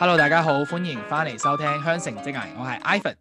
Hello，大家好，歡迎翻嚟收聽香城職涯，我係 Ivan。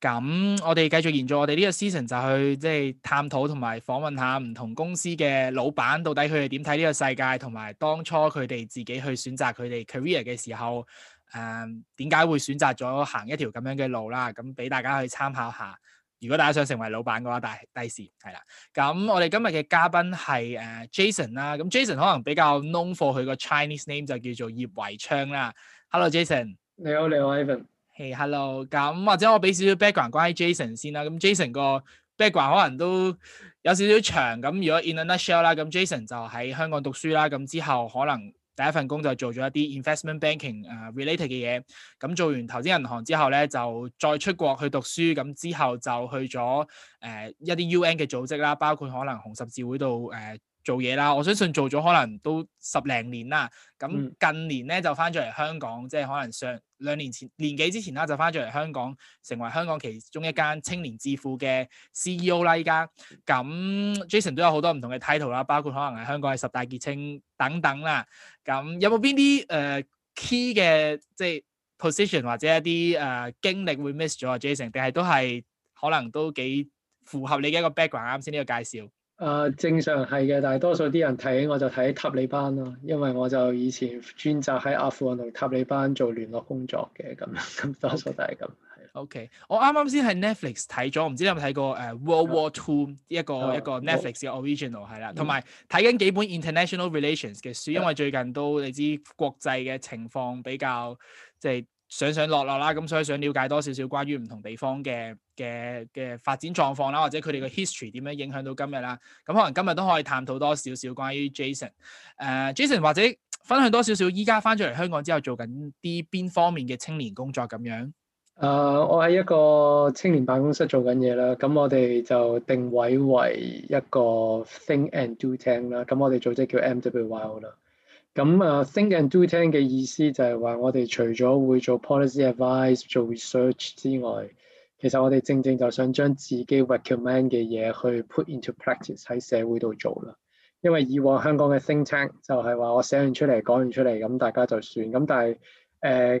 咁我哋繼續延續我哋呢個 season，就去即係、就是、探討同埋訪問下唔同公司嘅老闆，到底佢哋點睇呢個世界，同埋當初佢哋自己去選擇佢哋 career 嘅時候，誒點解會選擇咗行一條咁樣嘅路啦？咁俾大家去參考下。如果大家想成為老闆嘅話，第第時係啦。咁我哋今日嘅嘉賓係誒、呃、Jason 啦。咁 Jason 可能比較 known for 佢個 Chinese name 就叫做葉維昌啦。Hello Jason，你好你好 Evan，Hello，、hey，咁或者我俾少少 background 關於 Jason 先啦，咁 Jason 個 background 可能都有少少長，咁如果 in a nutshell 啦，咁 Jason 就喺香港讀書啦，咁之後可能第一份工就做咗一啲 investment banking 啊 related 嘅嘢，咁做完投資銀行之後咧，就再出國去讀書，咁之後就去咗誒、呃、一啲 UN 嘅組織啦，包括可能紅十字會度誒。呃做嘢啦，我相信做咗可能都十零年啦。咁近年咧就翻咗嚟香港，即係可能上兩年前年幾之前啦，就翻咗嚟香港，成為香港其中一間青年智庫嘅 CEO 啦。依家咁 Jason 都有好多唔同嘅 title 啦，包括可能係香港嘅十大傑青等等啦。咁有冇邊啲誒 key 嘅即係 position 或者一啲誒、呃、經歷會 miss 咗啊？Jason，定係都係可能都幾符合你嘅一個 background 啱先呢個介紹。啊，uh, 正常係嘅，但係多數啲人睇我就睇塔利班咯，因為我就以前專責喺阿富汗同塔利班做聯絡工作嘅，咁咁多數都係咁。係 Okay. 的。OK，我啱啱先係 Netflix 睇咗，唔知你有冇睇過誒、uh, World War Two Yeah. 一個 Yeah. 一個 Netflix 嘅 original 係啦，同埋睇緊幾本 International Relations 嘅書，Yeah. 因為最近都你知國際嘅情況比較即係。就是上上落落啦，咁所以想了解多少少關於唔同地方嘅嘅嘅發展狀況啦，或者佢哋嘅 history 點樣影響到今日啦。咁可能今日都可以探討多少少關於 Jason，誒、uh, Jason 或者分享多少少依家翻咗嚟香港之後做緊啲邊方面嘅青年工作咁樣。誒，uh, 我喺一個青年辦公室做緊嘢啦，咁我哋就定位為一個 think and do tank 啦，咁我哋組織叫 MWYO 啦。咁啊，think and do tank 嘅意思就係話，我哋除咗會做 policy advice、做 research 之外，其實我哋正正就想將自己 recommend 嘅嘢去 put into practice 喺社會度做啦。因為以往香港嘅 think tank 就係話，我寫完出嚟、講完出嚟，咁大家就算。咁但係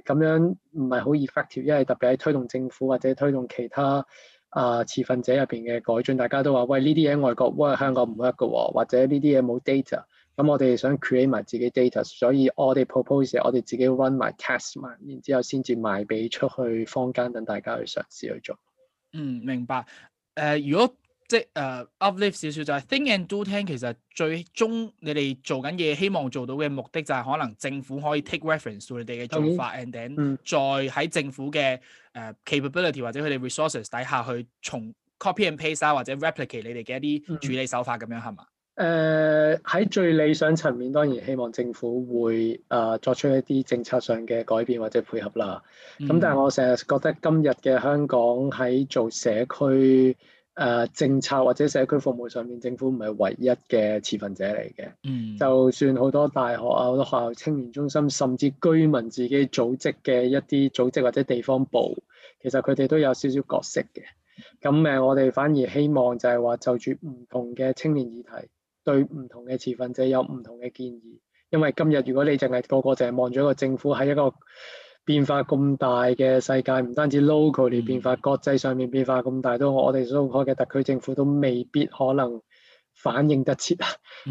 誒咁樣唔係好 effective，因為特別係推動政府或者推動其他啊、呃、持份者入邊嘅改進，大家都話：喂，呢啲嘢外國 work，香港唔 work 㗎喎，或者呢啲嘢冇 data。咁我哋想 create 埋自己 data，所以我哋 proposal，我哋自己 run my test 埋，然之後先至賣俾出去坊間，等大家去嘗試去做。嗯，明白。誒、呃，如果即係誒 uplift 少少就係、是、think and do tank，其實最終你哋做緊嘢希望做到嘅目的就係可能政府可以 take reference 你哋嘅做法、嗯、and then、嗯、再喺政府嘅誒 capability 或者佢哋 resources 底下去從 copy and paste 啊，或者 replicate 你哋嘅一啲處理手法咁樣係嘛？嗯誒喺、uh, 最理想層面，當然希望政府會啊、uh, 作出一啲政策上嘅改變或者配合啦。咁、mm hmm. 但係我成日覺得今日嘅香港喺做社區誒、uh, 政策或者社區服務上面，政府唔係唯一嘅持份者嚟嘅。嗯、mm，hmm. 就算好多大學啊、好多學校青年中心，甚至居民自己組織嘅一啲組織或者地方部，其實佢哋都有少少角色嘅。咁誒，uh, 我哋反而希望就係話就住唔同嘅青年議題。對唔同嘅持份者有唔同嘅建議，因為今日如果你淨係個個淨係望住一個政府喺一個變化咁大嘅世界，唔單止 local 嚟變化，國際上面變化咁大，都我哋所開嘅特區政府都未必可能反應得切啊。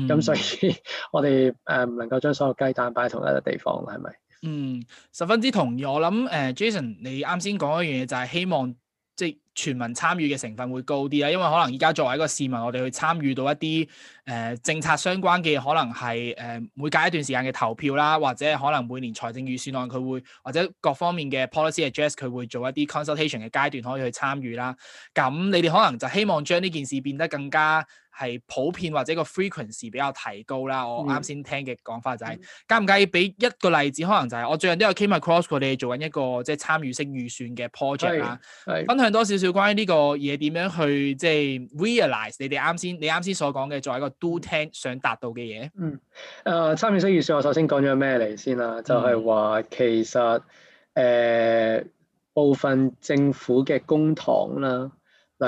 咁 所以我哋誒唔能夠將所有雞蛋擺同一個地方，係咪？嗯，十分之同意。我諗誒、呃、Jason，你啱先講嗰樣嘢就係希望。即係全民參與嘅成分會高啲啦，因為可能依家作為一個市民，我哋去參與到一啲誒、呃、政策相關嘅，可能係誒、呃、每隔一段時間嘅投票啦，或者可能每年財政預算案佢會，或者各方面嘅 policy address 佢會做一啲 consultation 嘅階段可以去參與啦。咁你哋可能就希望將呢件事變得更加。係普遍或者個 frequency 比較提高啦。我啱先聽嘅講法就係、是，介唔介意俾一個例子？可能就係我最近都有 came across 過你哋做緊一個即係參與式預算嘅 project 啦。係，分享多少少關於呢個嘢點樣去即係、就是、r e a l i z e 你哋啱先你啱先所講嘅作為一個 do 聽想達到嘅嘢。嗯，誒、呃、參與式預算我首先講咗咩嚟先啦、啊？就係、是、話其實誒、呃、部分政府嘅公堂啦。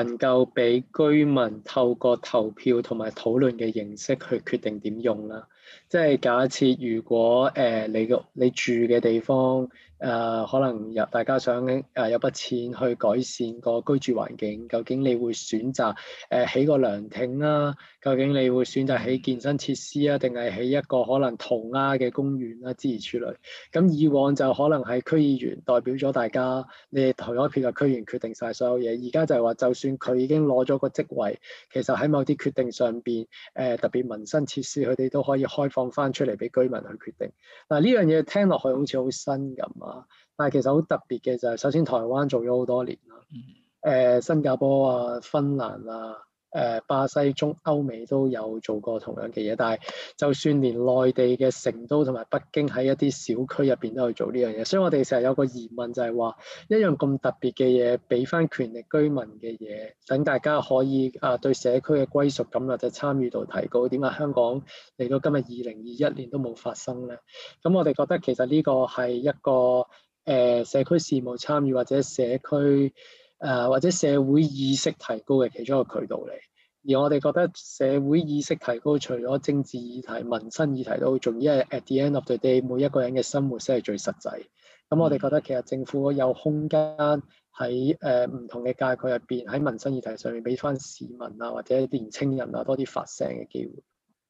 能夠俾居民透過投票同埋討論嘅形式去決定點用啦，即係假設如果誒、呃、你個你住嘅地方。誒、呃、可能有大家想誒、呃、有筆錢去改善個居住環境，究竟你會選擇誒起、呃、個涼亭啦？究竟你會選擇起健身設施啊，定係起一個可能塗鴉嘅公園啦、啊？之類之類。咁以往就可能係區議員代表咗大家，你投咗票嘅區議員決定晒所有嘢。而家就係話，就算佢已經攞咗個職位，其實喺某啲決定上邊，誒、呃、特別民生設施，佢哋都可以開放翻出嚟俾居民去決定。嗱、呃、呢樣嘢聽落去好似好新咁。啊！但係其實好特別嘅就係首先台灣做咗好多年啦，誒、嗯、呃，新加坡啊、芬蘭啊。誒巴西、中、歐美都有做過同樣嘅嘢，但係就算連內地嘅成都同埋北京喺一啲小區入邊都去做呢樣嘢，所以我哋成日有個疑問就係話，一樣咁特別嘅嘢，俾翻權力居民嘅嘢，等大家可以啊對社區嘅歸屬感或者參與度提高，點解香港嚟到今日二零二一年都冇發生呢？咁我哋覺得其實呢個係一個誒、呃、社區事務參與或者社區。誒或者社會意識提高嘅其中一個渠道嚟，而我哋覺得社會意識提高，除咗政治議題、民生議題都好重要，因為 at the end of the day，每一個人嘅生活先係最實際。咁我哋覺得其實政府有空間喺誒唔同嘅界別入邊，喺民生議題上面俾翻市民啊或者年青人啊多啲發聲嘅機會。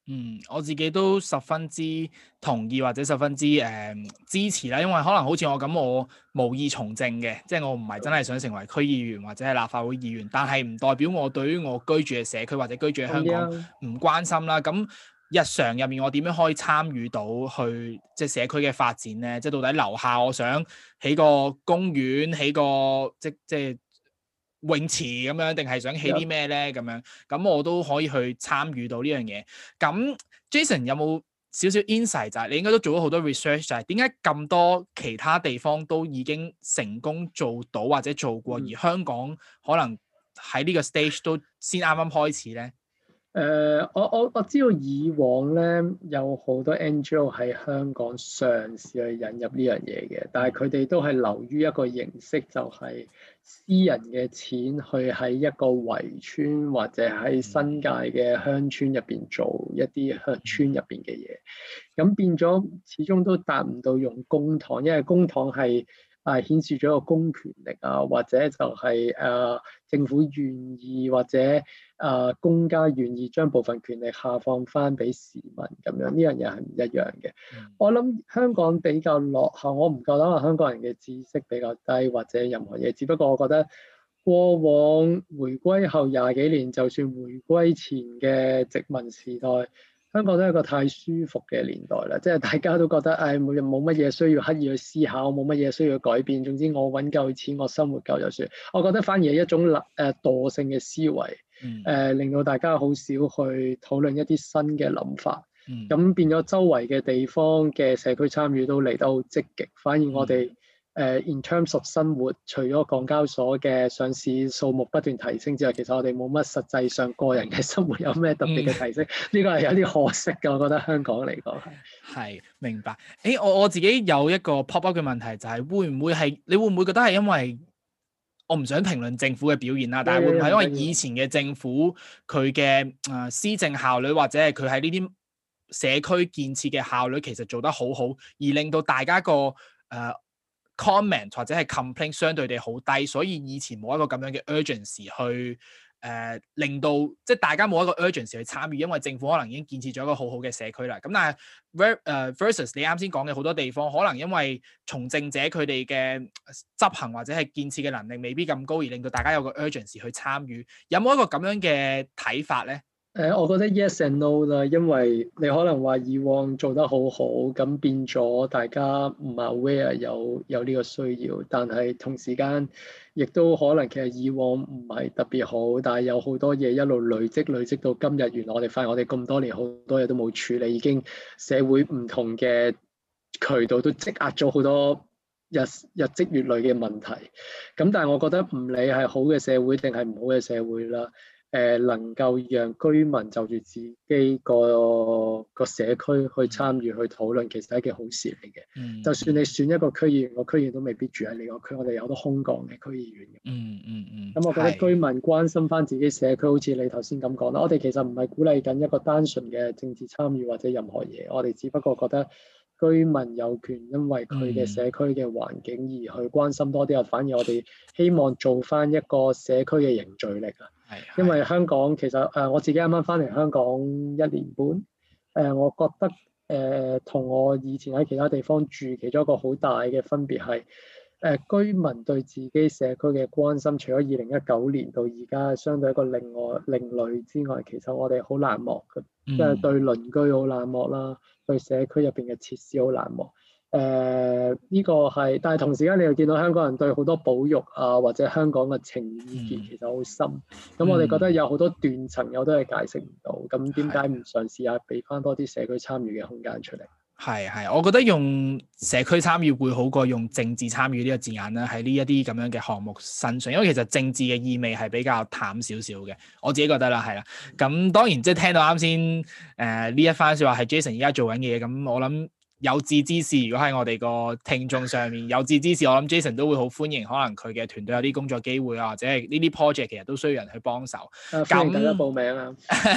嗯，我自己都十分之同意或者十分之誒、呃、支持啦，因為可能好似我咁，我無意從政嘅，即係我唔係真係想成為區議員或者係立法會議員，但係唔代表我對於我居住嘅社區或者居住喺香港唔、啊、關心啦。咁日常入面我點樣可以參與到去即係社區嘅發展咧？即係到底樓下我想起個公園，起個即即。即泳池咁樣，定係想起啲咩咧？咁樣，咁我都可以去參與到呢樣嘢。咁 Jason 有冇少少 insight 就係，你應該都做咗好多 research，就係點解咁多其他地方都已經成功做到或者做過，嗯、而香港可能喺呢個 stage 都先啱啱開始咧？誒，uh, 我我我知道以往咧，有好多 NGO 喺香港嘗試去引入呢樣嘢嘅，但係佢哋都係流於一個形式，就係私人嘅錢去喺一個圍村或者喺新界嘅鄉村入邊做一啲鄉村入邊嘅嘢，咁變咗始終都達唔到用公帑，因為公帑係。係、啊、顯示咗個公權力啊，或者就係、是、誒、啊、政府願意或者誒、啊、公家願意將部分權力下放翻俾市民咁樣，呢樣嘢係唔一樣嘅。嗯、我諗香港比較落後，我唔夠膽話香港人嘅知識比較低或者任何嘢，只不過我覺得過往回歸後廿幾年，就算回歸前嘅殖民時代。香港都係一個太舒服嘅年代啦，即係大家都覺得每日冇乜嘢需要刻意去思考，冇乜嘢需要改變。總之我揾夠錢，我生活夠就算。我覺得反而係一種誒惰、呃、惰性嘅思維，誒、呃、令到大家好少去討論一啲新嘅諗法。咁、嗯、變咗周圍嘅地方嘅社區參與都嚟得好積極，反而我哋、嗯。誒，in terms of 生活，除咗港交所嘅上市數目不斷提升之外，其實我哋冇乜實際上個人嘅生活有咩特別嘅提升，呢、嗯、個係有啲可惜嘅。我覺得香港嚟講係明白。誒，我我自己有一個 pop up 嘅問題，就係、是、會唔會係你會唔會覺得係因為我唔想評論政府嘅表現啦，的但係會唔會係因為以前嘅政府佢嘅誒施政效率，或者係佢喺呢啲社區建設嘅效率，其實做得好好，而令到大家個誒？呃 Comment 或者係 complaint 相對地好低，所以以前冇一個咁樣嘅 urgency 去誒、呃、令到即係大家冇一個 urgency 去參與，因為政府可能已經建設咗一個好好嘅社區啦。咁但係 ver,、uh, versus 你啱先講嘅好多地方，可能因為從政者佢哋嘅執行或者係建設嘅能力未必咁高，而令到大家有個 urgency 去參與。有冇一個咁樣嘅睇法咧？誒，我覺得 yes and no 啦，因為你可能話以往做得好好，咁變咗大家唔係 aware 有有呢個需要，但係同時間亦都可能其實以往唔係特別好，但係有好多嘢一路累積累積到今日，原來我哋發現我哋咁多年好多嘢都冇處理，已經社會唔同嘅渠道都積壓咗好多日日積月累嘅問題。咁但係我覺得唔理係好嘅社會定係唔好嘅社會啦。誒，能夠讓居民就住自己個個社區去參與、嗯、去討論，其實係一件好事嚟嘅。嗯、就算你選一個區議員，個區議員都未必住喺你個區。我哋有好多空降嘅區議員。嗯嗯嗯。咁、嗯，嗯、我覺得居民關心翻自己社區，的好似你頭先咁講啦。我哋其實唔係鼓勵緊一個單純嘅政治參與或者任何嘢，我哋只不過覺得居民有權，因為佢嘅社區嘅環境而去關心多啲啊。反而我哋希望做翻一個社區嘅凝聚力啊。因為香港其實誒、呃、我自己啱啱翻嚟香港一年半，誒、呃、我覺得誒同、呃、我以前喺其他地方住，其中一個好大嘅分別係，誒、呃、居民對自己社區嘅關心，除咗二零一九年到而家相對一個另外另類之外，其實我哋好冷漠。嘅、嗯，即係對鄰居好冷漠啦，對社區入邊嘅設施好冷漠。誒，呢、呃這個係，但係同時間你又見到香港人對好多保育啊，或者香港嘅情意結其實好深。咁、嗯、我哋覺得有好多斷層，我都係解釋唔到。咁點解唔嘗試下俾翻多啲社區參與嘅空間出嚟？係係，我覺得用社區參與會好過用政治參與呢個字眼啦。喺呢一啲咁樣嘅項目身上，因為其實政治嘅意味係比較淡少少嘅。我自己覺得啦，係啦。咁當然即係聽到啱先誒呢一番說話係 Jason 而家做緊嘅嘢，咁我諗。有志之士，如果喺我哋個聽眾上面，有志之士，我諗 Jason 都會好歡迎，可能佢嘅團隊有啲工作機會啊，或者呢啲 project 其實都需要人去幫手。咁、啊、那大家報名啊，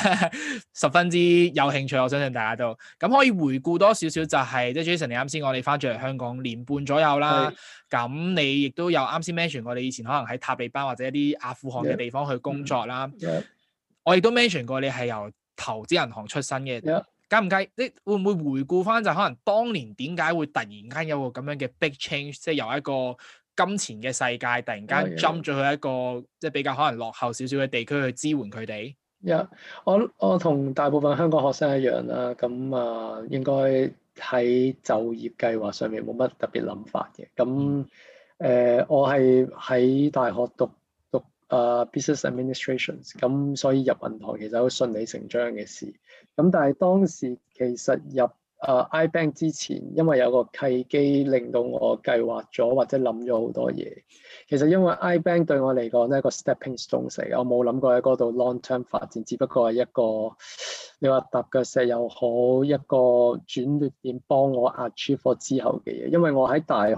十分之有興趣，我相信大家都咁可以回顧多少少就係、是，即、就、係、是、Jason 你啱先我哋翻咗嚟香港年半左右啦，咁是你亦都有啱先 mention 過你以前可能喺塔利班或者一啲阿富汗嘅地方去工作啦，嗯嗯嗯、我亦都 mention 過你係由投資銀行出身嘅。嗯計唔計？你會唔會回顧返？就可能當年點解會突然間有個咁樣嘅 big change，即係由一個金錢嘅世界突然間 jump 咗去一個即係比較可能落後少少嘅地區去支援佢哋？Yeah，我我同大部分香港學生一樣啦。咁啊，應該喺就業計劃上面冇乜特別諗法嘅。咁誒、呃，我係喺大學讀讀啊、呃、business administrations，咁所以入銀行其實好順理成章嘅事。咁但係當時其實入誒 iBank 之前，因為有個契機令到我計劃咗或者諗咗好多嘢。其實因為 iBank 對我嚟講呢個 stepping stone 嚟嘅，我冇諗過喺嗰度 long term 發展，只不過係一個你話搭腳石又好，一個轉捩點幫我 achieve 之後嘅嘢。因為我喺大學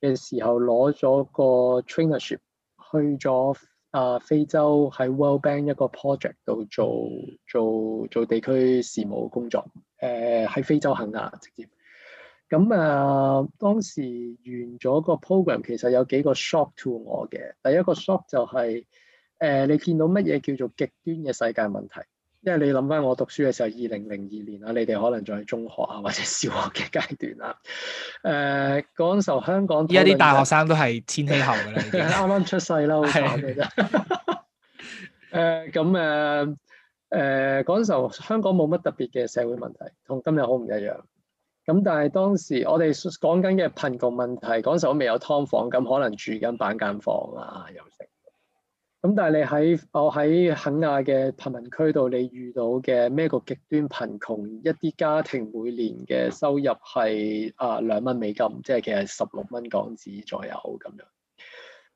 嘅時候攞咗個 traineeship 去咗。啊，非洲喺 World Bank 一個 project 度做做做，做地區事務工作，誒、呃，喺非洲肯亞直接。咁啊，當時完咗個 program，其實有幾個 shock to 我嘅。第一個 shock 就係、是、誒、呃、你見到乜嘢叫做極端嘅世界問題。因為你諗翻我讀書嘅時候，二零零二年啦，你哋可能仲喺中學啊或者小學嘅階段啦。誒、呃，嗰陣時香港依家啲大學生都係千禧後，嘅啦，啱啱出世啦，好慘嘅啫。誒、 呃，咁、呃、誒，誒、呃，嗰陣時香港冇乜特別嘅社會問題，同今日好唔一樣。咁但係當時我哋講緊嘅貧窮問題，嗰陣時未有劏房，咁可能在住緊板間房啊，又咁但係你喺我喺肯亞嘅貧民區度，你遇到嘅咩個極端貧窮？一啲家庭每年嘅收入係啊兩蚊美金，即係其實十六蚊港紙左右咁樣。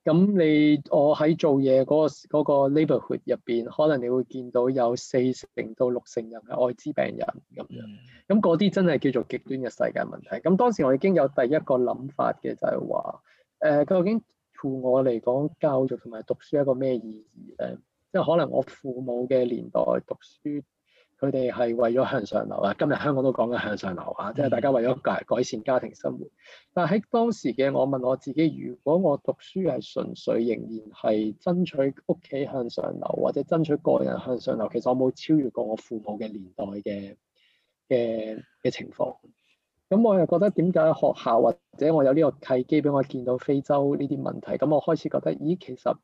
咁你我喺做嘢嗰個嗰個 neighborhood 入邊，可能你會見到有四成到六成人係艾滋病人咁樣。咁嗰啲真係叫做極端嘅世界問題。咁當時我已經有第一個諗法嘅，就係話誒究竟，父我嚟講，教育同埋讀書係一個咩意義咧？即係可能我父母嘅年代讀書，佢哋係為咗向上流啊！今日香港都講緊向上流啊，即係大家為咗改改善家庭生活。但喺當時嘅我問我自己，如果我讀書係純粹仍然係爭取屋企向上流，或者爭取個人向上流，其實我冇超越過我父母嘅年代嘅嘅嘅情況。咁我又覺得點解學校或者我有呢個契機俾我見到非洲呢啲問題，咁我開始覺得，咦，其實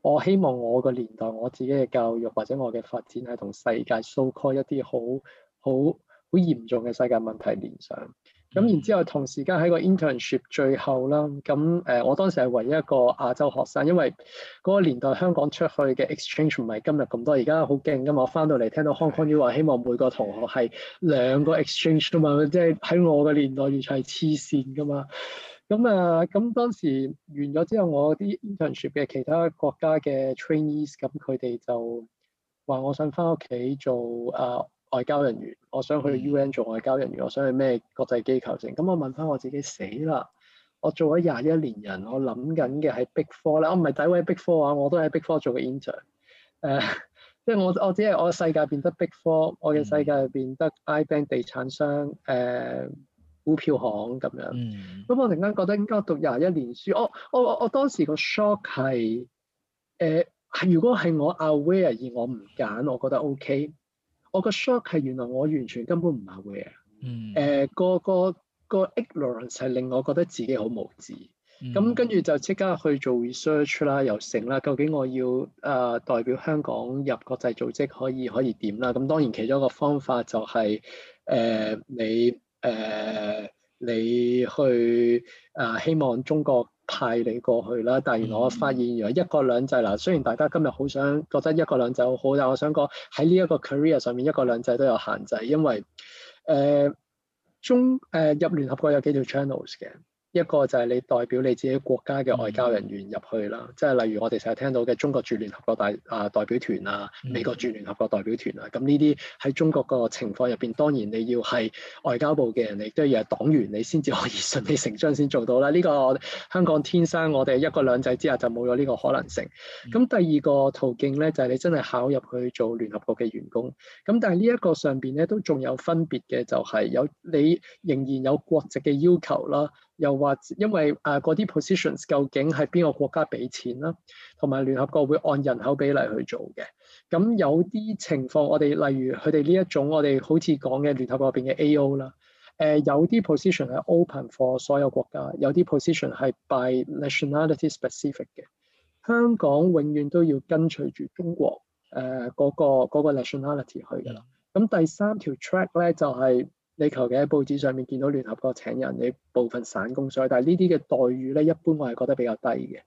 我希望我個年代我自己嘅教育或者我嘅發展係同世界 show 一啲好好好嚴重嘅世界問題連上。咁、嗯、然之後，同時間喺個 internship 最後啦。咁誒，我當時係唯一一個亞洲學生，因為嗰個年代香港出去嘅 exchange 唔係今日咁多，而家好勁噶嘛。我翻到嚟聽到 Hong Kong 話希望每個同學係兩個 exchange 噶嘛，即係喺我嘅年代完全係黐線噶嘛。咁啊，咁當時完咗之後，我啲 internship 嘅其他國家嘅 trainees，咁佢哋就話我想翻屋企做啊，外交人員，我想去 UN、a、做外交人員，嗯、我想去咩國際機構整。咁我問翻我自己死啦！我做咗廿一年人，我諗緊嘅係 Big Four 咧，我唔係詆毀 Big Four 啊，我都喺 Big Four 做過 intern。即、呃、係、就是、我我只係我嘅世界變得 Big Four、嗯、我嘅世界入邊得 iBank 地產商、誒、呃、股票行咁樣。咁、嗯、我突然間覺得應該讀廿一年書。我我我，我當時個 shock 係誒、呃，如果係我 aware 而我唔揀，我覺得 OK。我個 shock 係原來我完全根本唔係 aware，誒、嗯呃嗰個、嗰個 ignorance 係令我覺得自己好無知，咁、嗯、跟住就即刻去做 research 啦，又成啦，究竟我要誒、呃、代表香港入國際組織可以可以點啦？咁當然其中一個方法就係、係、誒、呃、你誒、呃、你去啊、呃、希望中國。派你過去啦，但原來我發現原來一國兩制啦，嗯、雖然大家今日好想覺得一國兩制好好，但係我想講喺呢一個 career 上面，一國兩制都有限制，因為誒、呃、中誒、呃、入聯合國有幾條 channels 嘅。一個就係你代表你自己國家嘅外交人員入去啦，嗯、即係例如我哋成日聽到嘅中國駐聯合國大啊代表團啊，嗯、美國駐聯合國代表團啊，咁呢啲喺中國個情況入邊，當然你要係外交部嘅人，你都要係黨員，你先至可以順理成章先做到啦。呢、呢個香港天生我哋一國兩制之下就冇咗呢個可能性。咁、嗯、第二個途徑咧，就係、係、你真係考入去做聯合國嘅員工。咁但係呢一個上邊咧都仲有分別嘅，就係有你仍然有國籍嘅要求啦。又或因為誒嗰啲 positions 究竟係邊個國家俾錢啦，同埋聯合國會按人口比例去做嘅。咁有啲情況，我哋例如佢哋呢一種，我哋好似講嘅聯合國入邊嘅 AO 啦，誒有啲 position 係 open for 所有國家，有啲 position 係 by nationality specific 嘅。香港永遠都要跟隨住中國誒嗰個、嗰個、nationality 去㗎啦。咁第三條 track 咧就係。你求其喺報紙上面見到聯合國請人，你部分散工，所以但係呢啲嘅待遇咧，一般我係覺得比較低嘅。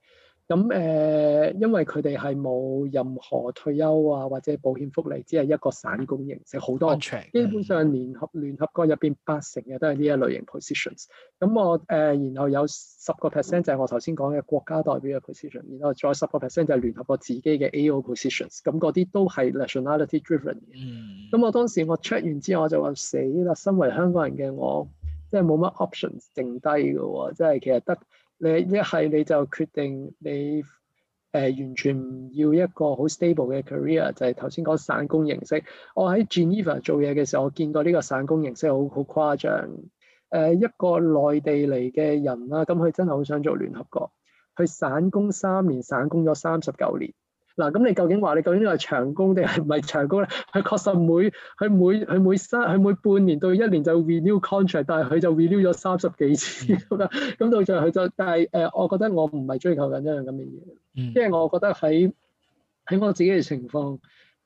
咁誒、呃，因為佢哋係冇任何退休啊，或者保險福利，只係一個散工形式。好、就是、多人調基本上的聯合聯合國入邊八成嘅都係呢一類型 positions。咁我誒、呃，然後有十個 percent 就係、是、我頭先講嘅國家代表嘅 position，然後再十個 percent 就係、是、聯合國自己嘅 AO positions。咁嗰啲都係 nationality driven 咁，嗯、我當時我 check 完之後，我就話死啦！身為香港人嘅我，即係冇乜 options 剩低嘅喎，即係其實得。你一係你就決定你誒、呃、完全唔要一個好 stable 嘅 career，就係頭先講散工形式。我喺 Geneva 做嘢嘅時候，我見過呢個散工形式好好誇張誒，一個內地嚟嘅人啦，咁佢真係好想做聯合國，佢散工三年，散工咗三十九年。嗱，咁你究竟話你究竟呢個係長工定係唔係長工咧？佢確實每佢每佢每三佢每半年到一年就 renew contract，但係佢就 renew 咗三十幾次啦。咁到最後佢就，但係誒、呃，我覺得我唔係追求緊一樣咁嘅嘢，即係、嗯、我覺得喺喺我自己嘅情況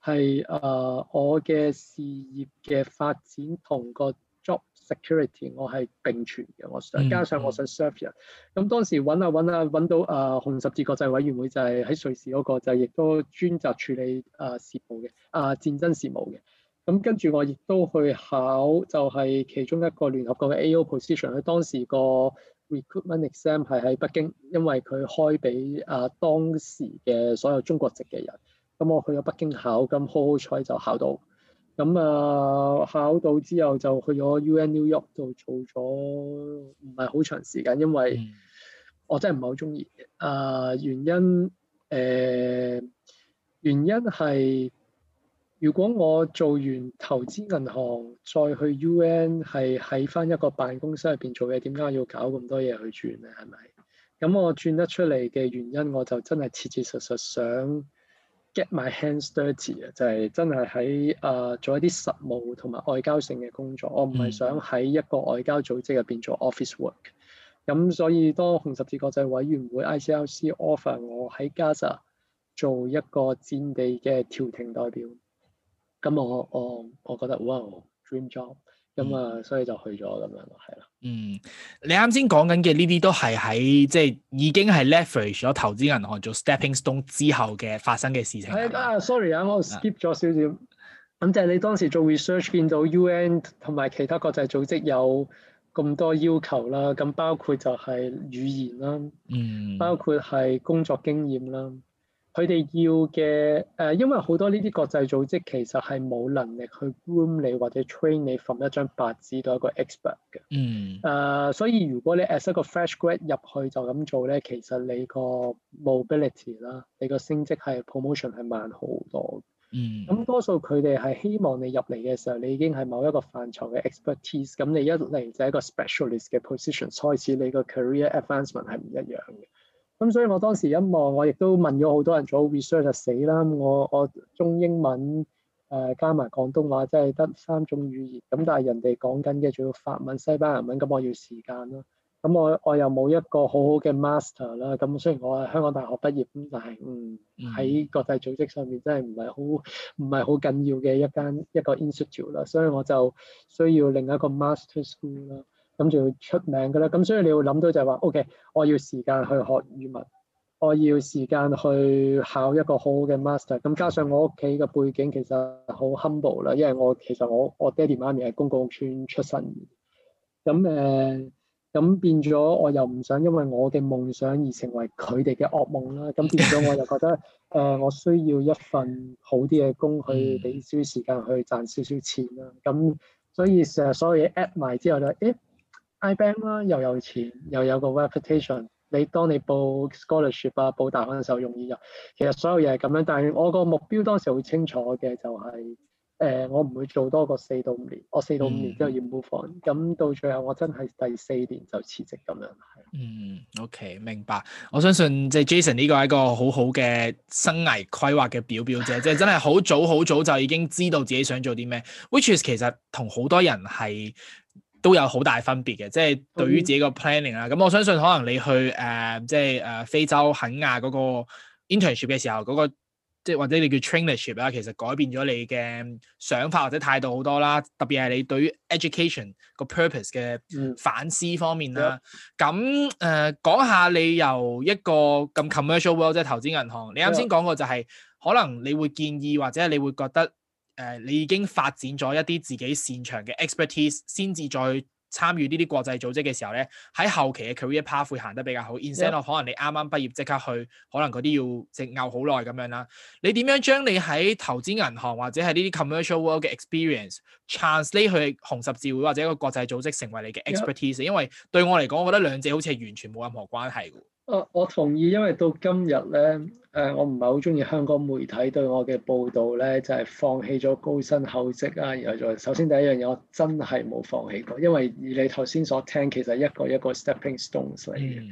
係誒、呃，我嘅事業嘅發展同個。job security 我係並存嘅，我想、嗯、加上我想 serve 人。咁當時揾啊揾啊揾到啊紅十字國際委員會就係喺瑞士嗰、那個，就亦都專責處理啊事務嘅，啊戰爭事務嘅。咁跟住我亦都去考，就係其中一個聯合國嘅 AO position。佢當時個 recruitment exam 係喺北京，因為佢開俾啊當時嘅所有中國籍嘅人。咁我去咗北京考，咁好好彩就考到。咁啊，考到之後就去咗 UN New York 度做咗唔係好長時間，因為我真係唔係好中意啊。原因誒、呃，原因係如果我做完投資銀行，再去 UN 係喺翻一個辦公室入邊做嘢，點解要搞咁多嘢去轉咧？係咪？咁我轉得出嚟嘅原因，我就真係切切實實想。Get my hands dirty 啊，就係真係喺誒做一啲實務同埋外交性嘅工作。我唔係想喺一個外交組織入邊做 office work。咁所以當紅十字國際委員會 ICRC offer 我喺加沙做一個戰地嘅調停代表，咁我我我覺得 Wow, dream job。咁啊，嗯、所以就去咗咁樣咯，係、就、咯、是。嗯，你啱先講緊嘅呢啲都係喺即係已經係 leveraged 咗投資銀行做 stepping stone 之後嘅發生嘅事情。sorry 啊，sorry, 嗯、我 skip 咗少少。咁、嗯、就係你當時做 research 見到 UN 同埋其他國際組織有咁多要求啦，咁包括就係語言啦，嗯，包括係工作經驗啦。嗯佢哋要嘅誒、呃，因為好多呢啲國際組織其實係冇能力去 groom 你或者 train 你 from 一張白紙到一個 expert 嘅。嗯。誒，所以如果你 as 一個 fresh grad 入去就咁做咧，其實你個 mobility 啦，你個升職係 promotion 係慢好多。嗯。咁多數佢哋係希望你入嚟嘅時候，你已經係某一個範疇嘅 expertise，咁你一嚟就係一個 specialist 嘅 position，開始你個 career advancement 係唔一樣嘅。咁所以我當時一望，我亦都問咗好多人做 research 就死啦。我我中英文誒、呃、加埋廣東話，即係得三種語言。咁但係人哋講緊嘅仲要法文、西班牙文，咁我要時間囉。咁我我又冇一個好好嘅 master 啦。咁雖然我係香港大學畢業，咁但係嗯喺國際組織上面真係唔係好唔係好緊要嘅一間一個 institute 啦。所以我就需要另一個 master school 啦。咁就要出名㗎喇，咁所以你要諗到就係話，OK，我要時間去學語文，我要時間去考一個好好嘅 master。咁加上我屋企嘅背景其實好 humble 啦，因為我其實我我爹哋媽咪係公共屋邨出身。咁誒，咁、呃、變咗我又唔想因為我嘅夢想而成為佢哋嘅噩夢啦。咁變咗我又覺得誒、 呃，我需要一份好啲嘅工去俾少少時間去賺少少錢啦。咁所以成日所有嘢 at 埋之後咧，誒、欸、～大班啦，又有錢，又有一個 reputation。你當你報 scholarship 啊，報大學嘅時候容易入。其實所有嘢係咁樣，但係我個目標當時好清楚嘅就係、是，誒、呃，我唔會做多過四到五年。我四到五年之後要 move on 咁、嗯、到最後我真係第四年就辭職咁樣。嗯，OK，明白。我相信即係 Jason 呢個係一個好好嘅生涯規劃嘅表表者，即係 真係好早好早就已經知道自己想做啲咩 ，which is 其實同好多人係，都有好大分別嘅，即係對於自己個 planning 啦。咁、嗯、我相信可能你去誒，即係誒非洲肯亞嗰個 internship 嘅時候，嗰個即係或者你叫 traineeship 啦，其實改變咗你嘅想法或者態度好多啦。特別係你對於 education 個 purpose 嘅反思方面啦。咁誒、嗯嗯呃、講下你由一個咁 commercial world 即係投資銀行，你啱先講過就係，嗯，可能你會建議或者你會覺得。誒，你已經發展咗一啲自己擅長嘅 expertise，先至再參與呢啲國際組織嘅時候咧，喺後期嘅 career path 會行得比較好。i n s t e a e 可能你啱啱畢業即刻去，可能嗰啲要直拗好耐咁樣啦。你點樣將你喺投資銀行或者係呢啲 commercial world 嘅 experience translate 去紅十字會或者一個國際組織，成為你嘅 expertise？Yeah. 因為對我嚟講，我覺得兩者好似係完全冇任何關係。我我同意，因為到今日咧，誒、呃、我唔係好中意香港媒體對我嘅報導咧，就係、是、放棄咗高薪厚職啊，然後首先第一樣嘢，我真係冇放棄過，因為以你頭先所聽，其實一個一個 stepping stones 嚟嘅，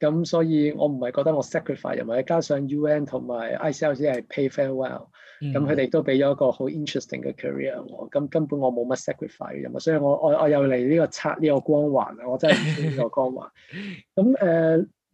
咁、嗯、所以我唔係覺得我 sacrifice，又或者加上 UN 同埋 ICRC 只係 pay farewell，咁佢哋都俾咗一個好 interesting 嘅 career，咁根本我冇乜 sacrifice，咁所以我我我又嚟呢個拆呢個光環啊，我真係唔中意呢個光環，咁誒、 呃。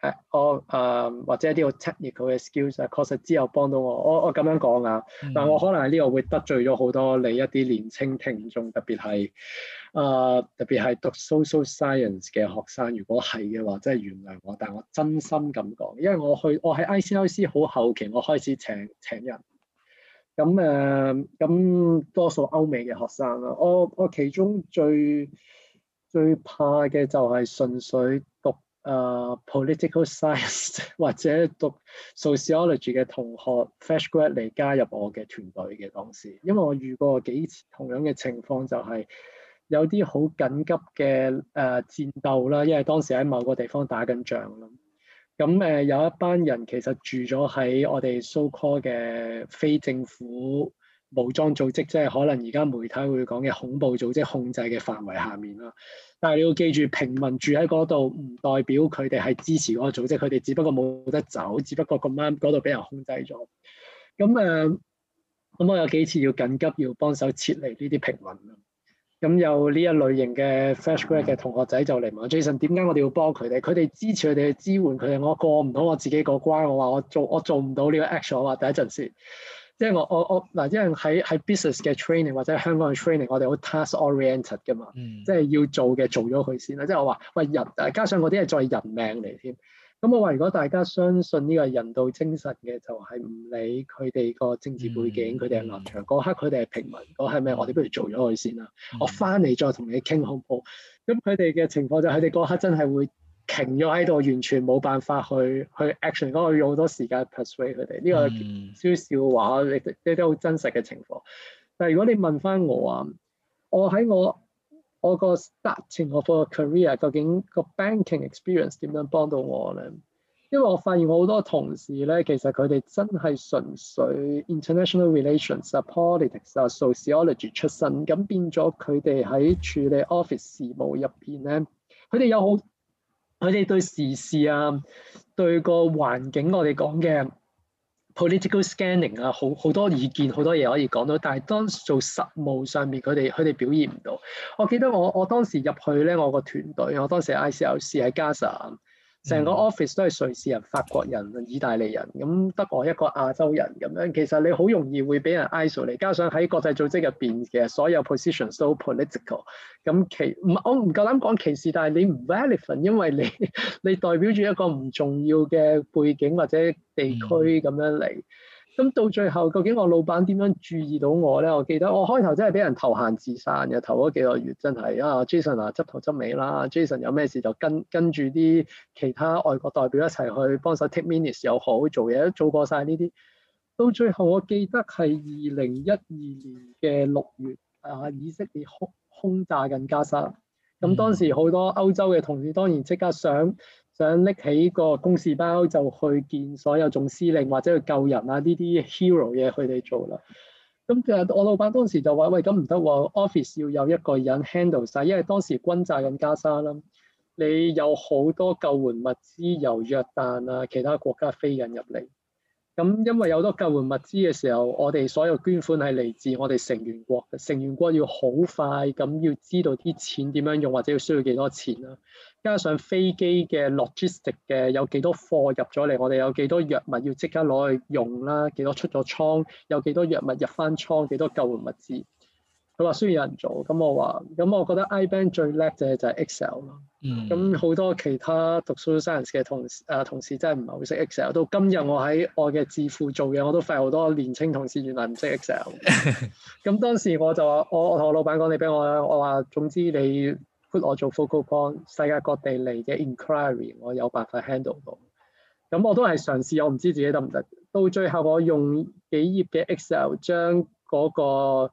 係我誒或者一啲好 technical 嘅 skills 啊，確實之後幫到我。我我咁樣講啊，的但我可能喺呢度會得罪咗好多你一啲年青聽眾，特別係誒特別係讀 social science 嘅學生。如果係嘅話，真、就、係、是、原諒我。但我真心咁講，因為我去我喺 ICRC 好後期，我開始請請人。咁誒咁多數歐美嘅學生啦、啊，我我其中最最怕嘅就係純粹讀。誒、uh, political science 或者讀 sociology 嘅同學 fresh grad 嚟加入我嘅團隊嘅當時，因為我遇過幾次同樣嘅情況，就係、是、有啲好緊急嘅誒、uh, 戰鬥啦，因為當時喺某個地方打緊仗啦。咁誒、uh, 有一班人其實住咗喺我哋 so call 嘅非政府。武裝組織即係可能而家媒體會講嘅恐怖組織控制嘅範圍下面啦。但係你要記住，平民住喺嗰度唔代表佢哋係支持嗰個組織，佢哋只不過冇得走，只不過咁啱嗰度俾人控制咗。咁誒，咁、嗯、我有幾次要緊急要幫手撤離呢啲平民。咁有呢一類型嘅 fresh grade 嘅同學仔就嚟問、嗯、Jason：「點解我哋要幫佢哋？佢哋支持佢哋，支援佢哋。我過唔到我自己個關，我話我做我做唔到呢個 action，我話第一陣先。即係我我我嗱、嗯，即係喺喺 business 嘅 training 或者香港嘅 training，我哋好 task oriented 㗎嘛，即係要做嘅做咗佢先啦。即係我話喂人，加上我啲係在人命嚟添。咁我話如果大家相信呢個人道精神嘅，就係唔理佢哋個政治背景，佢哋係立場，嗰、嗯、刻佢哋係平民，嗰係咩？嗯、我哋不如做咗佢先啦。嗯、我翻嚟再同你傾好唔好？咁佢哋嘅情況就係佢哋嗰刻真係會。停咗喺度，完全冇辦法去去 action 嗰度，要好多時間 persuade 佢哋。呢個少少嘅話你啲都好真實嘅情況。但係如果你問翻我啊，我喺我我個 starting of my career 究竟個 banking experience 點樣幫到我咧？因為我發現我好多同事咧，其實佢哋真係純粹 international relations 啊、mm. uh, politics 啊、uh,、sociology 出身，咁變咗佢哋喺處理 office 事務入邊咧，佢哋有好。佢哋對時事啊，對個環境我哋講嘅 political scanning 啊，好好多意見，好多嘢可以講到。但係當時做實務上面，佢哋佢哋表現唔到。我記得我我當時入去咧，我個團隊，我當時 ICRC 喺加沙，成個 office 都係瑞士人、法國人、意大利人，咁得我一個亞洲人咁樣，其實你好容易會俾人 isolate。加上喺國際組織入邊嘅所有 positions 都 political，咁歧唔我唔夠膽講歧視，但係你唔 relevant，因為你你代表住一個唔重要嘅背景或者地區咁樣嚟。咁到最後，究竟我老闆點樣注意到我咧？我記得我開頭真係俾人投閒自散嘅，頭嗰幾個月真係啊，Jason 啊，執頭執尾啦，啊。Jason 有咩事就跟跟住啲其他外國代表一齊去幫手 take minutes 又好做嘢，做，都做過晒呢啲。到最後我記得係二零一二年嘅六月，啊，以色列空空炸緊加沙。咁當時好多歐洲嘅同事，當然即刻想想拎起個公事包，就去見所有總司令，或者去救人啊，呢啲 hero 嘢佢哋做啦。咁其實我老闆當時就話：喂，咁唔得喎，office 要有一個人 handle 晒，因為當時軍紮緊加沙啦，你有好多救援物資由約旦啊、其他國家飛緊入嚟。咁因為有好多救援物資嘅時候，我哋所有捐款係嚟自我哋成員國嘅，成員國要好快咁要知道啲錢點樣用，或者要需要幾多錢啦。加上飛機嘅 Logistics 嘅有幾多貨入咗嚟，我哋有幾多藥物要即刻攞去用啦，幾多出咗倉，有幾多藥物入翻倉，幾多救援物資。佢話需要有人做，咁我話，咁我覺得 iBank 最叻嘅就係 Excel 咯、嗯。咁好多其他讀數學 science 嘅同事啊同事真係唔係好識 Excel。到今日我喺我嘅智庫做嘢，我都發現好多年青同事原來唔識 Excel。咁當時我就話，我我同我老闆講，你俾我，我話總之你 put 我做 focal point，世界各地嚟嘅 inquiry，我有辦法 handle 到。咁我都係嘗試，我唔知自己得唔得。到最後我用幾頁嘅 Excel 將嗰、嗰個。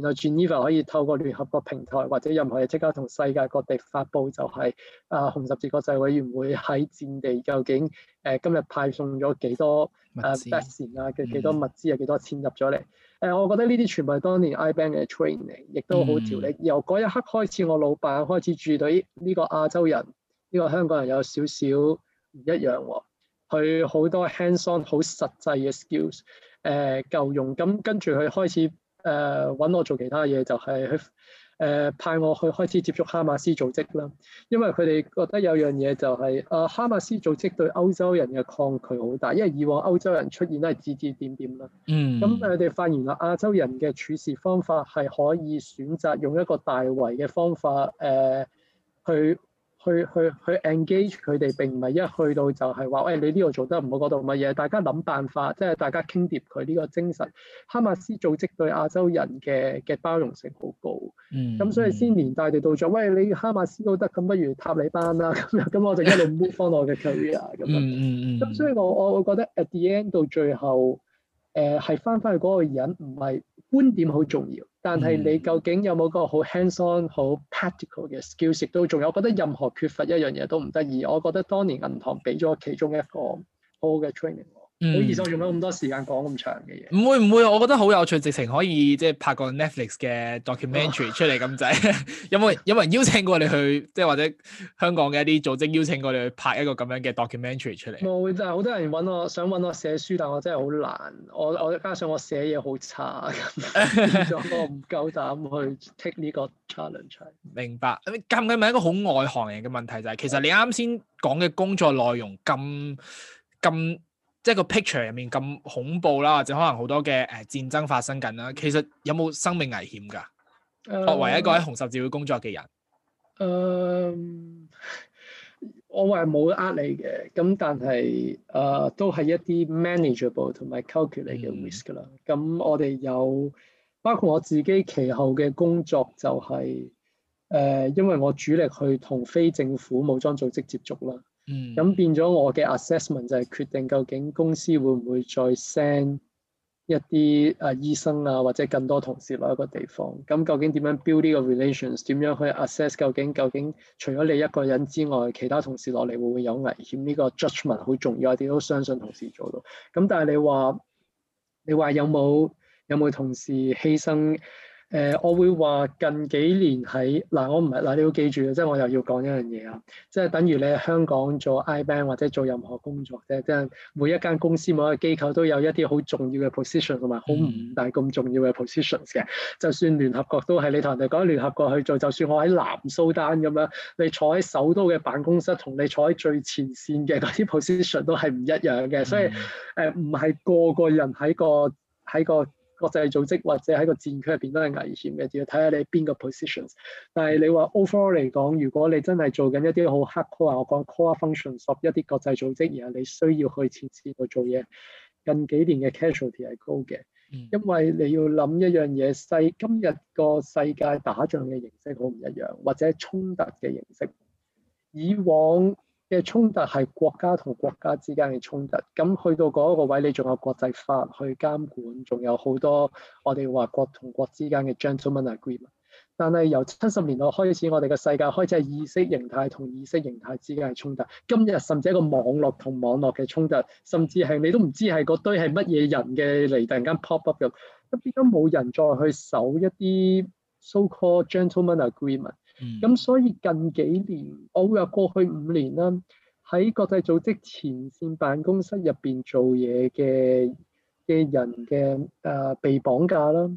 然後 Geneva 可以透過聯合國平台或者任何嘢即刻同世界各地發布、就是，就係啊紅十字國際委員會喺戰地究竟誒、呃、今日派送咗幾多、啊、物資啊嘅幾多物資啊幾、嗯、多錢入咗嚟？誒、呃，我覺得呢啲全部係當年 iBank 嘅 training，亦都好調理。嗯、由嗰一刻開始，我老闆開始注意到呢個亞洲人，呢、這個香港人有少少唔一樣喎、哦。佢好多 hands-on 好實際嘅 skills 誒、呃、夠用，咁跟住佢開始。誒揾、呃、我做其他嘢，就係、是、去誒、呃、派我去開始接觸哈馬斯組織啦。因為佢哋覺得有樣嘢就係、是，誒、呃、哈馬斯組織對歐洲人嘅抗拒好大，因為以往歐洲人出現都係指指點點啦。嗯，咁佢哋發現啦，亞洲人嘅處事方法係可以選擇用一個大圍嘅方法，誒、呃、去。去去去 engage 佢哋，並唔係一去到就係話， 喂，你呢度做得唔好，嗰度乜嘢？大家諗辦法，即係大家傾掂佢呢個精神。哈馬斯組織對亞洲人嘅嘅包容性好高，咁、mm hmm. 所以先連帶地到咗，喂，你哈馬斯都得，咁不如塔利班啦咁樣，咁 我就一路 move on 我嘅 career 咁樣。咁、mm hmm. 所以我我會覺得 at the end 到最後，誒係翻返去嗰個人，唔係。觀點好重要，但係你究竟有冇個好 hands-on、好 practical 嘅 skills 都好重要。我覺得任何缺乏一樣嘢都唔得，而我覺得當年銀行俾咗我其中一個好好嘅 training。唔好意思，嗯、我用咗咁多時間講咁長嘅嘢。唔會唔會，我覺得好有趣，直情可以即係拍個 Netflix 嘅 documentary 出嚟咁滯。有冇有冇人邀請過你去？即係或者香港嘅一啲組織邀請過你去拍一個咁樣嘅 documentary 出嚟？冇，但係好多人揾我想揾我寫書，但我真係好難。我我加上我寫嘢好差，咁 我唔夠膽去 take 呢個 challenge。 明白。咁係咪一個好外行人嘅問題就係、是，其實你啱先講嘅工作內容咁咁。即係個 picture 入面咁恐怖啦，或者可能好多嘅誒戰爭發生緊啦，其實有冇生命危險㗎？Uh, 作為一個喺紅十字會工作嘅人，誒、uh, um，uh, mm. 我話冇呃你嘅，咁但係誒都係一啲 manageable 同埋 calculate 嘅 risk 㗎啦。咁我哋有包括我自己其後嘅工作就係、是、誒，uh, 因為我主力去同非政府武裝組織接觸啦。嗯，咁變咗我嘅 assessment 就係決定究竟公司會唔會再 send 一啲啊醫生啊或者更多同事落一個地方？咁究竟點樣 build 呢個 relations？點樣去 assess 究竟究竟除咗你一個人之外，其他同事落嚟會唔會有危險？呢個 judgment 好重要，我哋都相信同事做到。咁但係你話，你話有冇有冇同事犧牲？誒、呃，我會話近幾年喺嗱、呃，我唔係嗱，你要記住即係、就是、我又要講一樣嘢啊，即、就、係、是、等於你喺香港做 IBank 或者做任何工作啫。即、就、係、是、每一間公司、每一個機構都有一啲好重要嘅 position 同埋好唔大咁重要嘅 positions 嘅。嗯、就算聯合國都係你同人哋講聯合國去做，就算我喺南蘇丹咁樣，你坐喺首都嘅辦公室同你坐喺最前線嘅嗰啲 position 都係唔一樣嘅。嗯、所以誒，唔係個個人喺個喺個。國際組織或者喺個戰區入邊都係危險嘅，只要睇下你邊個 positions。但係你話 overall 嚟講，如果你真係做緊一啲好 hardcore，我講 core functions of 一啲國際組織，然後你需要去前線去做嘢，近幾年嘅 casualty 係高嘅，因為你要諗一樣嘢，世今日個世界打仗嘅形式好唔一樣，或者衝突嘅形式，以往嘅衝突係國家同國家之間嘅衝突，咁去到嗰一個位，你仲有國際法去監管，仲有好多我哋話國同國之間嘅 gentleman agreement。但係由七十年代開始，我哋嘅世界開始係意識形態同意識形態之間嘅衝突。今日甚至一個網絡同網絡嘅衝突，甚至係你都唔知係嗰堆係乜嘢人嘅嚟，突然間 pop up 咁。咁點解冇人再去守一啲 so-called gentleman agreement。咁、嗯、所以近幾年，我會話過去五年啦、啊，喺國際組織前線辦公室入邊做嘢嘅嘅人嘅，誒、啊、被綁架啦、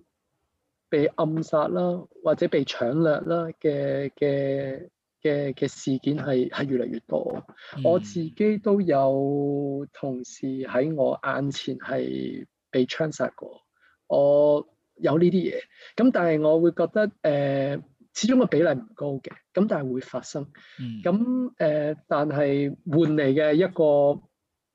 被暗殺啦、或者被搶掠啦嘅嘅嘅嘅事件係係越嚟越多。嗯、我自己都有同事喺我眼前係被槍殺過，我有呢啲嘢。咁但係我會覺得誒、呃始終個比例唔高嘅，咁但係會發生。咁誒、嗯呃，但係換嚟嘅一個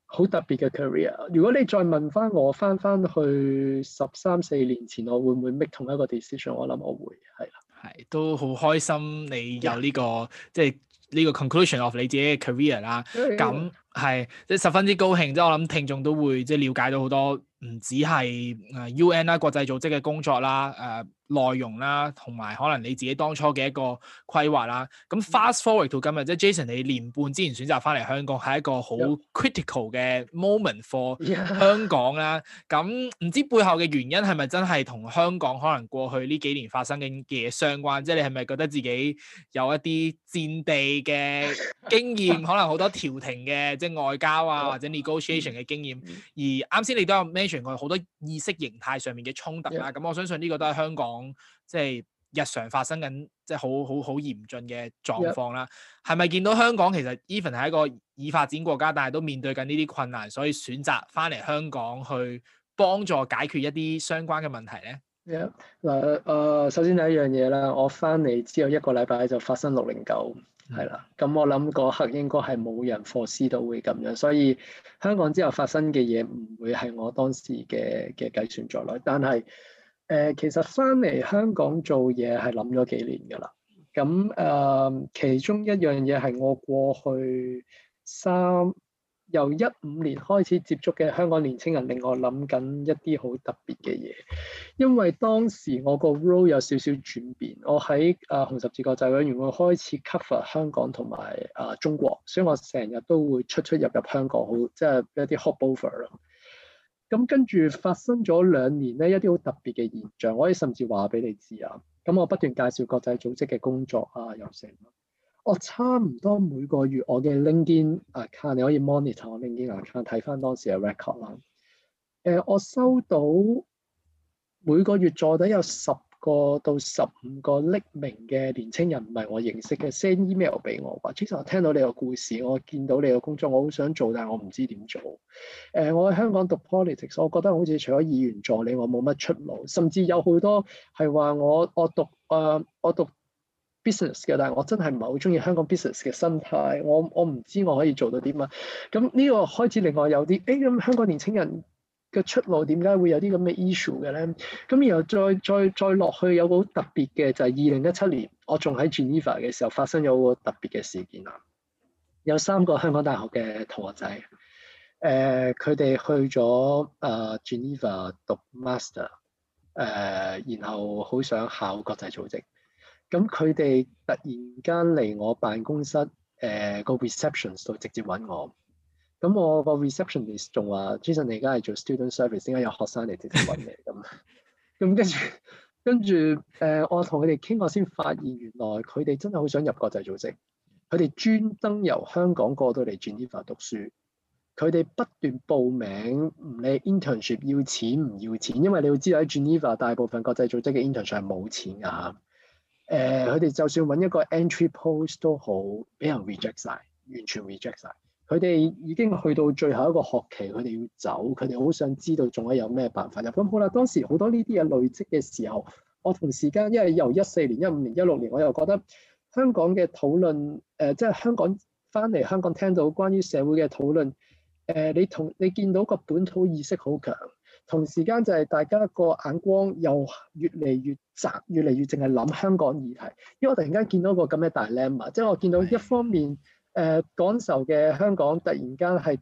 好特別嘅 career。如果你再問翻我，翻翻去十三四年前，我會唔會 make 同一個 decision？我諗我會係啦。係都好開心，你有呢、這個 Yeah. 即係呢、這個 conclusion of 你自己嘅 career 啦。咁係 Yeah. 即係十分之高興，即係我諗聽眾都會即係瞭解到好多，唔止係誒 UN 啦國際組織嘅工作啦，誒、呃。內容啦，同埋可能你自己當初嘅一個規劃啦。咁 fast forward 到今日，即係 Jason，你年半之前選擇翻嚟香港係一個好 critical 嘅 moment for 香港啦。咁唔、嗯、知背後嘅原因係咪真係同香港可能過去呢幾年發生嘅嘢相關？嗯、即係你係咪覺得自己有一啲戰地嘅經驗，嗯、可能好多調停嘅即係外交啊或者 negotiation 嘅經驗？嗯、而啱先你都有 mention 過好多意識形態上面嘅衝突啦、啊。咁、嗯、我相信呢個都係香港。講即係日常發生緊，即係好好好嚴峻嘅狀況啦。係咪見到香港其實 even 係一個已發展國家，但係都面對緊呢啲困難，所以選擇翻嚟香港去幫助解決一啲相關嘅問題咧？係啊，嗱，誒，首先第一樣嘢啦，我翻嚟之後一個禮拜就發生六零九，係、hmm. 啦。咁我諗嗰刻應該係冇人 foresee 到會咁樣，所以香港之後發生嘅嘢唔會係我當時嘅嘅計算在內，但係。誒，其實翻嚟香港做嘢係諗咗幾年㗎啦。咁誒、嗯，其中一樣嘢係我過去三由一五年開始接觸嘅香港年青人，令我諗緊一啲好特別嘅嘢。因為當時我個 role 有少少轉變，我喺啊紅十字國際委員會開始 cover 香港同埋啊中國，所以我成日都會出出入入香港，好即係一啲 hop over 咯。咁跟住發生咗兩年咧，一啲好特別嘅現象，我可以甚至話俾你知啊。咁我不斷介紹國際組織嘅工作啊，又成。我差唔多每個月我嘅 LinkedIn account 你可以 monitor，LinkedIn 我 LinkedIn account 睇翻當時嘅 record 啦。誒、呃，我收到每個月坐底有十個到十五個匿名嘅年青人唔係我認識嘅，send email 俾我話 Jason，我聽到你個故事，我見到你個工作，我好想做，但係我唔知點做。誒、呃，我喺香港讀 politics，我覺得好似除咗議員助理，我冇乜出路。甚至有好多係話我我讀誒、呃、我讀 business 嘅，但係我真係唔係好中意香港 business 嘅生態。我我唔知我可以做到啲乜。咁呢個開始令我有啲誒咁香港年青人。嘅出路點解會有啲咁嘅 issue 嘅咧？咁然後再再再落去有個好特別嘅，就係二零一七年我仲喺 Geneva 嘅時候發生咗個特別嘅事件啦。有三個香港大學嘅同學仔，誒佢哋去咗誒、呃、Geneva 讀 master，誒、呃、然後好想考國際組織。咁佢哋突然間嚟我辦公室，誒、呃、個 receptions 度直接揾我。咁我個 receptionist 仲話：Jason，你而家係做 student service，點解有學生嚟直接揾你咁？咁 跟住跟住，誒、呃，我同佢哋傾過先發現，原來佢哋真係好想入國際組織，佢哋專登由香港過到嚟 Geneva 讀書，佢哋不斷報名，唔理 internship 要錢唔要，要錢，因為你要知喺 Geneva 大部分國際組織嘅 internship 係冇錢㗎嚇。誒、呃，佢哋就算揾一個 entry post 都好，俾人 reject 晒，完全 reject 晒。佢哋已經去到最後一個學期，佢哋要走，佢哋好想知道仲有有咩辦法入。咁好啦，當時好多呢啲嘢累積嘅時候，我同時間因為由一四年、一五年、一六年，我又覺得香港嘅討論，誒、呃，即係香港翻嚟香港聽到關於社會嘅討論，誒、呃，你同你見到個本土意識好強，同時間就係大家個眼光又越嚟越窄，越嚟越淨係諗香港議題。因為我突然間見到個咁嘅大 dilemma，即係我見到一方面。誒講、uh, 受嘅香港突然間係，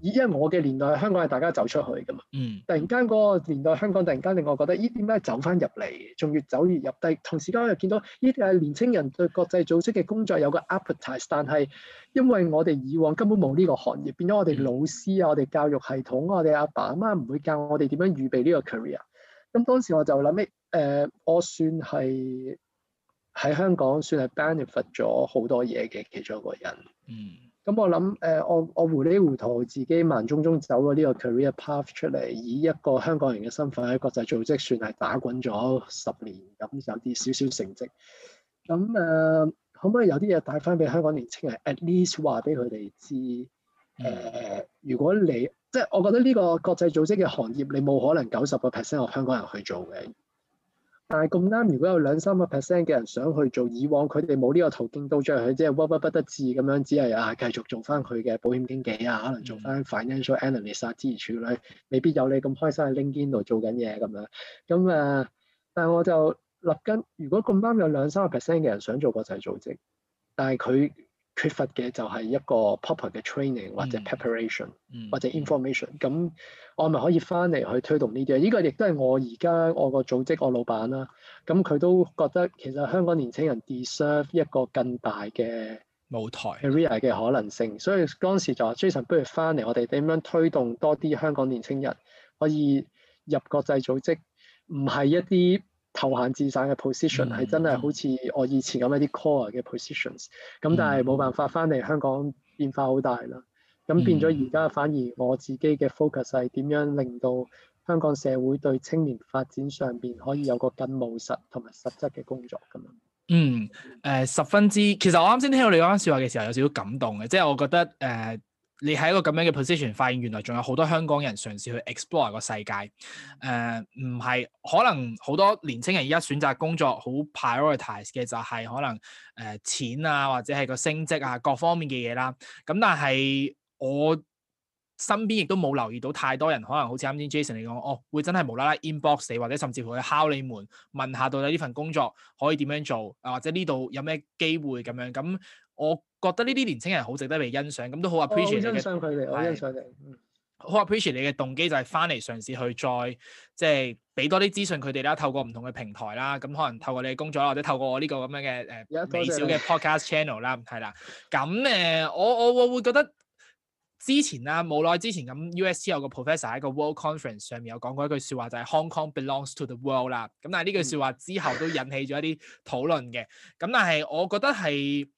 因為我嘅年代香港係大家走出去㗎嘛，嗯，mm. 突然間嗰個年代香港突然間令我覺得咦，點解走返入嚟，仲越走越入低。同時間又見到呢啲係年青人對國際組織嘅工作有個 appetite，但係因為我哋以往根本冇呢個行業，變咗我哋老師啊，我哋教育系統、我哋阿爸阿媽唔會教我哋點樣預備呢個 career。咁當時我就諗起，誒、呃、我算係。喺香港算係 benefit 咗好多嘢嘅其中一個人。嗯。咁我諗誒，我我糊裡糊塗自己盲中中走咗呢個 career path 出嚟，以一個香港人嘅身份喺國際組織算係打滾咗十年，咁有啲少少成績。咁誒、嗯，可唔可以有啲嘢帶翻俾香港年輕人？At least 話俾佢哋知，誒、呃，如果你即係我覺得呢個國際組織嘅行業，你冇可能九十個 percent 係香港人去做嘅。但係咁啱，如果有兩三個 percent 嘅人想去做，以往佢哋冇呢個途徑到咗佢即係屈屈不得志咁樣，只係啊繼續做翻佢嘅保險經紀啊，可能做翻 financial analyst 啊，支持處理，未必有你咁開心喺 LinkedIn 度做緊嘢咁樣。咁、嗯、啊，但係我就立根，如果咁啱有兩三個 percent 嘅人想做國際組織，但係佢。缺乏嘅就係一個 proper 嘅 training 或者 preparation、嗯、或者 information，咁、嗯、我咪可以翻嚟去推動呢啲。呢、這個亦都係我而家我個組織我老闆啦，咁佢都覺得其實香港年輕人 deserve 一個更大嘅舞台 area 嘅可能性。舞台。所以當時就話 Jason 不如翻嚟我哋點樣推動多啲香港年輕人可以入國際組織，唔係一啲。投行自省嘅 position 係、嗯、真係好似我以前咁一啲 core 嘅 positions，咁但係冇辦法翻嚟香港變化好大啦，咁變咗而家反而我自己嘅 focus 係點樣令到香港社會對青年發展上邊可以有個更務實同埋實質嘅工作咁啊，樣嗯，誒、呃、十分之，其實我啱先聽到你講番説話嘅時候有少少感動嘅，即係我覺得誒、呃你喺一個咁樣嘅 position，發現原來仲有好多香港人嘗試去 explore 個世界。誒、呃，唔係可能好多年青人而家選擇工作好 prioritize 嘅就係可能誒、呃、錢啊，或者係個升職啊各方面嘅嘢啦。咁但係我身邊亦都冇留意到太多人可能好似啱先 Jason 你講，哦會真係無啦啦 inbox 你，或者甚至乎去敲你門問下到底呢份工作可以點樣做，或者呢度有咩機會咁樣。咁我。覺得呢啲年青人好值得嚟欣賞，咁都好 appreciate 佢哋，好 appreciate 是、嗯、你嘅動機就係翻嚟嘗試去再即係俾多啲資訊佢哋啦，透過唔同嘅平台啦，咁、嗯、可能透過你嘅工作啦，或者透過我呢個咁樣嘅誒、呃、多謝 微小嘅 podcast 你 channel 啦，係啦。咁誒，我我會覺得之前啦，冇、啊、耐之前咁 UST 有個 professor 喺個 world conference 上面有講過一句説話，就係、是、Hong Kong belongs to the world 啦。咁但係呢句説話之後都引起咗一啲討論嘅。咁但係我覺得係。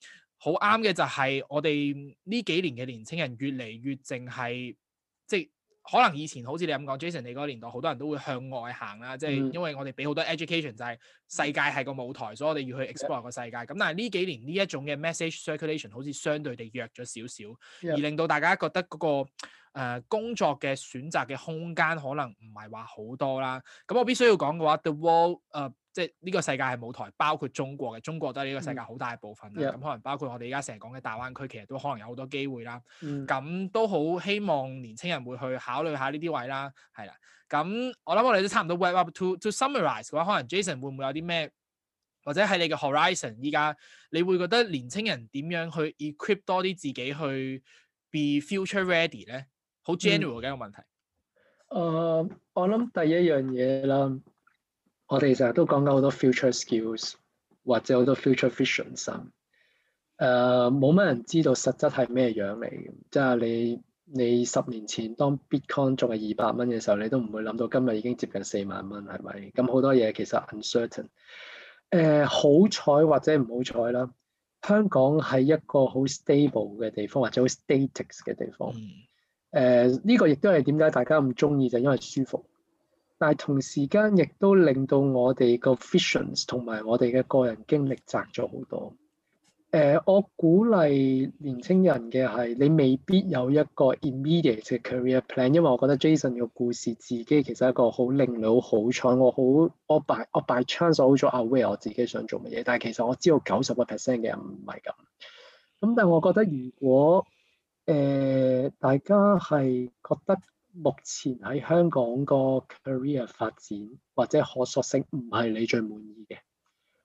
好啱嘅就係我哋呢幾年嘅年青人越嚟越淨係，即係可能以前好似你咁講，Jason 你嗰年代好多人都會向外行啦，即係因為我哋俾好多 education 就係世界係個舞台，所以我哋要去 explore 個世界。咁但係呢幾年呢一種嘅 message circulation 好似相對地弱咗少少，而令到大家覺得嗰個。誒、呃、工作嘅選擇嘅空間可能唔係話好多啦，咁我必須要講嘅話，the world 誒、呃、即係呢個世界係舞台，包括中國嘅中國都係呢個世界好大部分啦。咁、嗯、可能包括我哋而家成日講嘅大灣區，其實都可能有好多機會啦。咁、嗯、都好希望年青人會去考慮下呢啲位啦，係啦。咁我諗我哋都差唔多 wrap up to to summarize 嘅話，可能 Jason 會唔會有啲咩或者喺你嘅 horizon 依家，你會覺得年青人點樣去 equip 多啲自己去 be future ready 咧？好 general 嘅一個問題。誒、嗯呃，我諗第一樣嘢啦，我哋成日都講緊好多 future skills 或者好多 future visions 誒，冇乜人知道實質係咩樣嚟。即係你你十年前當 bitcoin 仲係二百蚊嘅時候，你都唔會諗到今日已經接近四萬蚊，係咪？咁好多嘢其實 uncertain、呃。誒，好彩或者唔好彩啦。香港係一個好 stable 嘅地方，或者好 static 嘅地方。嗯誒呢、uh, 個亦都係點解大家咁中意就是、因為舒服，但係同時間亦都令到我哋個 vision 同埋我哋嘅個人經歷窄咗好多。誒、uh,，我鼓勵年青人嘅係你未必有一個 immediate career plan，因為我覺得 Jason 嘅故事自己其實一個好令到好彩，我好我 by 我 by chance 好咗 aware 我自己想做乜嘢，但係其實我知道九十個 percent 嘅人唔係咁。咁但係我覺得如果誒、呃，大家係覺得目前喺香港個 career 發展或者可塑性唔係你最滿意嘅，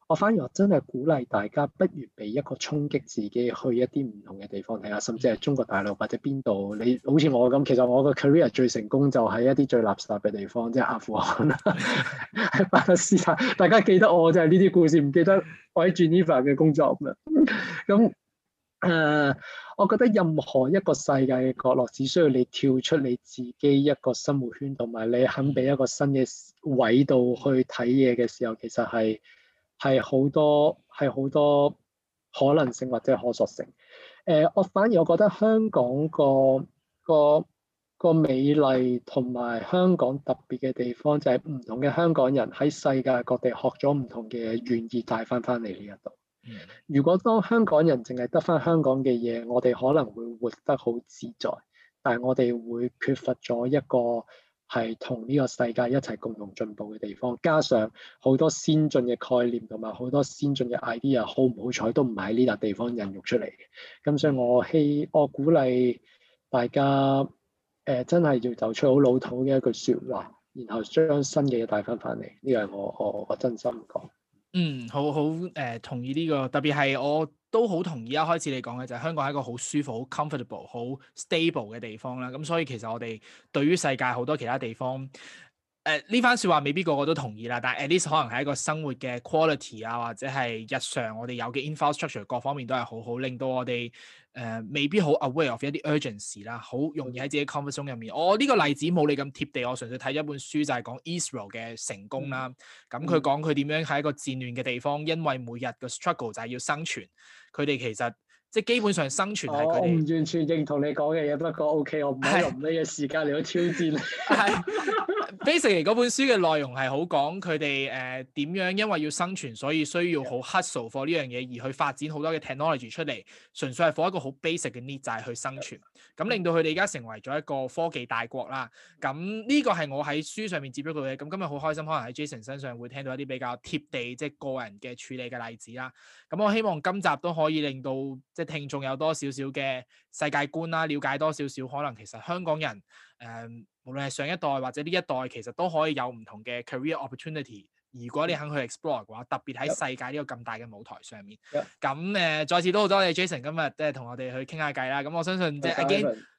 我反而我真係鼓勵大家，不如俾一個衝擊自己，去一啲唔同嘅地方睇下，甚至係中國大陸或者邊度。你好似我咁，其實我個 career 最成功就喺一啲最垃圾嘅地方，即係阿富汗啦，喺 巴勒斯坦。大家記得我就係呢啲故事，唔記得我喺 Geneva 嘅工作咁。 誒，uh，我覺得任何一個世界嘅角落，只需要你跳出你自己一個生活圈，同埋你肯俾一個新嘅位度去睇嘢嘅時候，其實係係好多係好多可能性或者可塑性。誒，uh，我反而我覺得香港個個個美麗同埋香港特別嘅地方，就係唔同嘅香港人喺世界各地學咗唔同嘅嘢，願意帶翻翻嚟呢一度。如果當香港人淨係得翻香港嘅嘢，我哋可能會活得好自在，但係我哋會缺乏咗一個係同呢個世界一齊共同進步嘅地方，加上好多先進嘅概念同埋好多先進嘅 idea，好唔好彩都唔喺呢笪地方孕育出嚟。咁所以我，我希我鼓勵大家誒、呃，真係要走出好老土嘅一句說話，然後將新嘅嘢帶翻返嚟。呢個係我我我真心講。嗯，好好誒、呃，同意呢、這個，特別係我都好同意一、啊、開始你講嘅，就係香港係一個好舒服、好 comfortable、好 stable 嘅地方啦。咁、嗯、所以其實我哋對於世界好多其他地方，誒、呃、呢番説話未必個個都同意啦，但係 at least 可能係一個生活嘅 quality 啊，或者係日常我哋有嘅 infrastructure 各方面都係好好，令到我哋。誒未必好 aware of 一啲 urgency 啦，好、hmm。容易喺自己 conversation 入面。我、oh，呢個例子冇你咁貼地，我純粹睇一本書就係講 Israel 嘅成功啦。咁佢講佢點樣喺一個戰亂嘅地方，因為每日嘅 struggle 就係要生存。佢哋其實即係基本上生存係佢哋。我唔完全認同你講嘅嘢，不過 OK，我唔好用你嘅時間嚟去挑戰你。是 basically 嗰本，本書嘅內容係好講佢哋誒點樣，因為要生存，所以需要好 hustle for 呢樣嘢，而去發展好多嘅 technology 出嚟，純粹係放一個好 basic 嘅 need 就係、是、去生存。咁令到佢哋而家成為咗一個科技大國啦。咁呢個係我喺書上面接觸到嘅嘢。咁今日好開心，可能喺 Jason 身上會聽到一啲比較貼地即係、就是、個人嘅處理嘅例子啦。咁我希望今集都可以令到即係聽眾有多少少嘅世界觀啦，了解多少少可能其實香港人誒。呃無論係上一代或者呢一代，其實都可以有唔同嘅 career opportunity。如果你肯去 explore 嘅話，特別喺世界呢個咁大嘅舞台上面。咁誒 Yeah.，再次都好多謝 Jason 今日即係同我哋去傾下偈啦。咁我相信 即係 again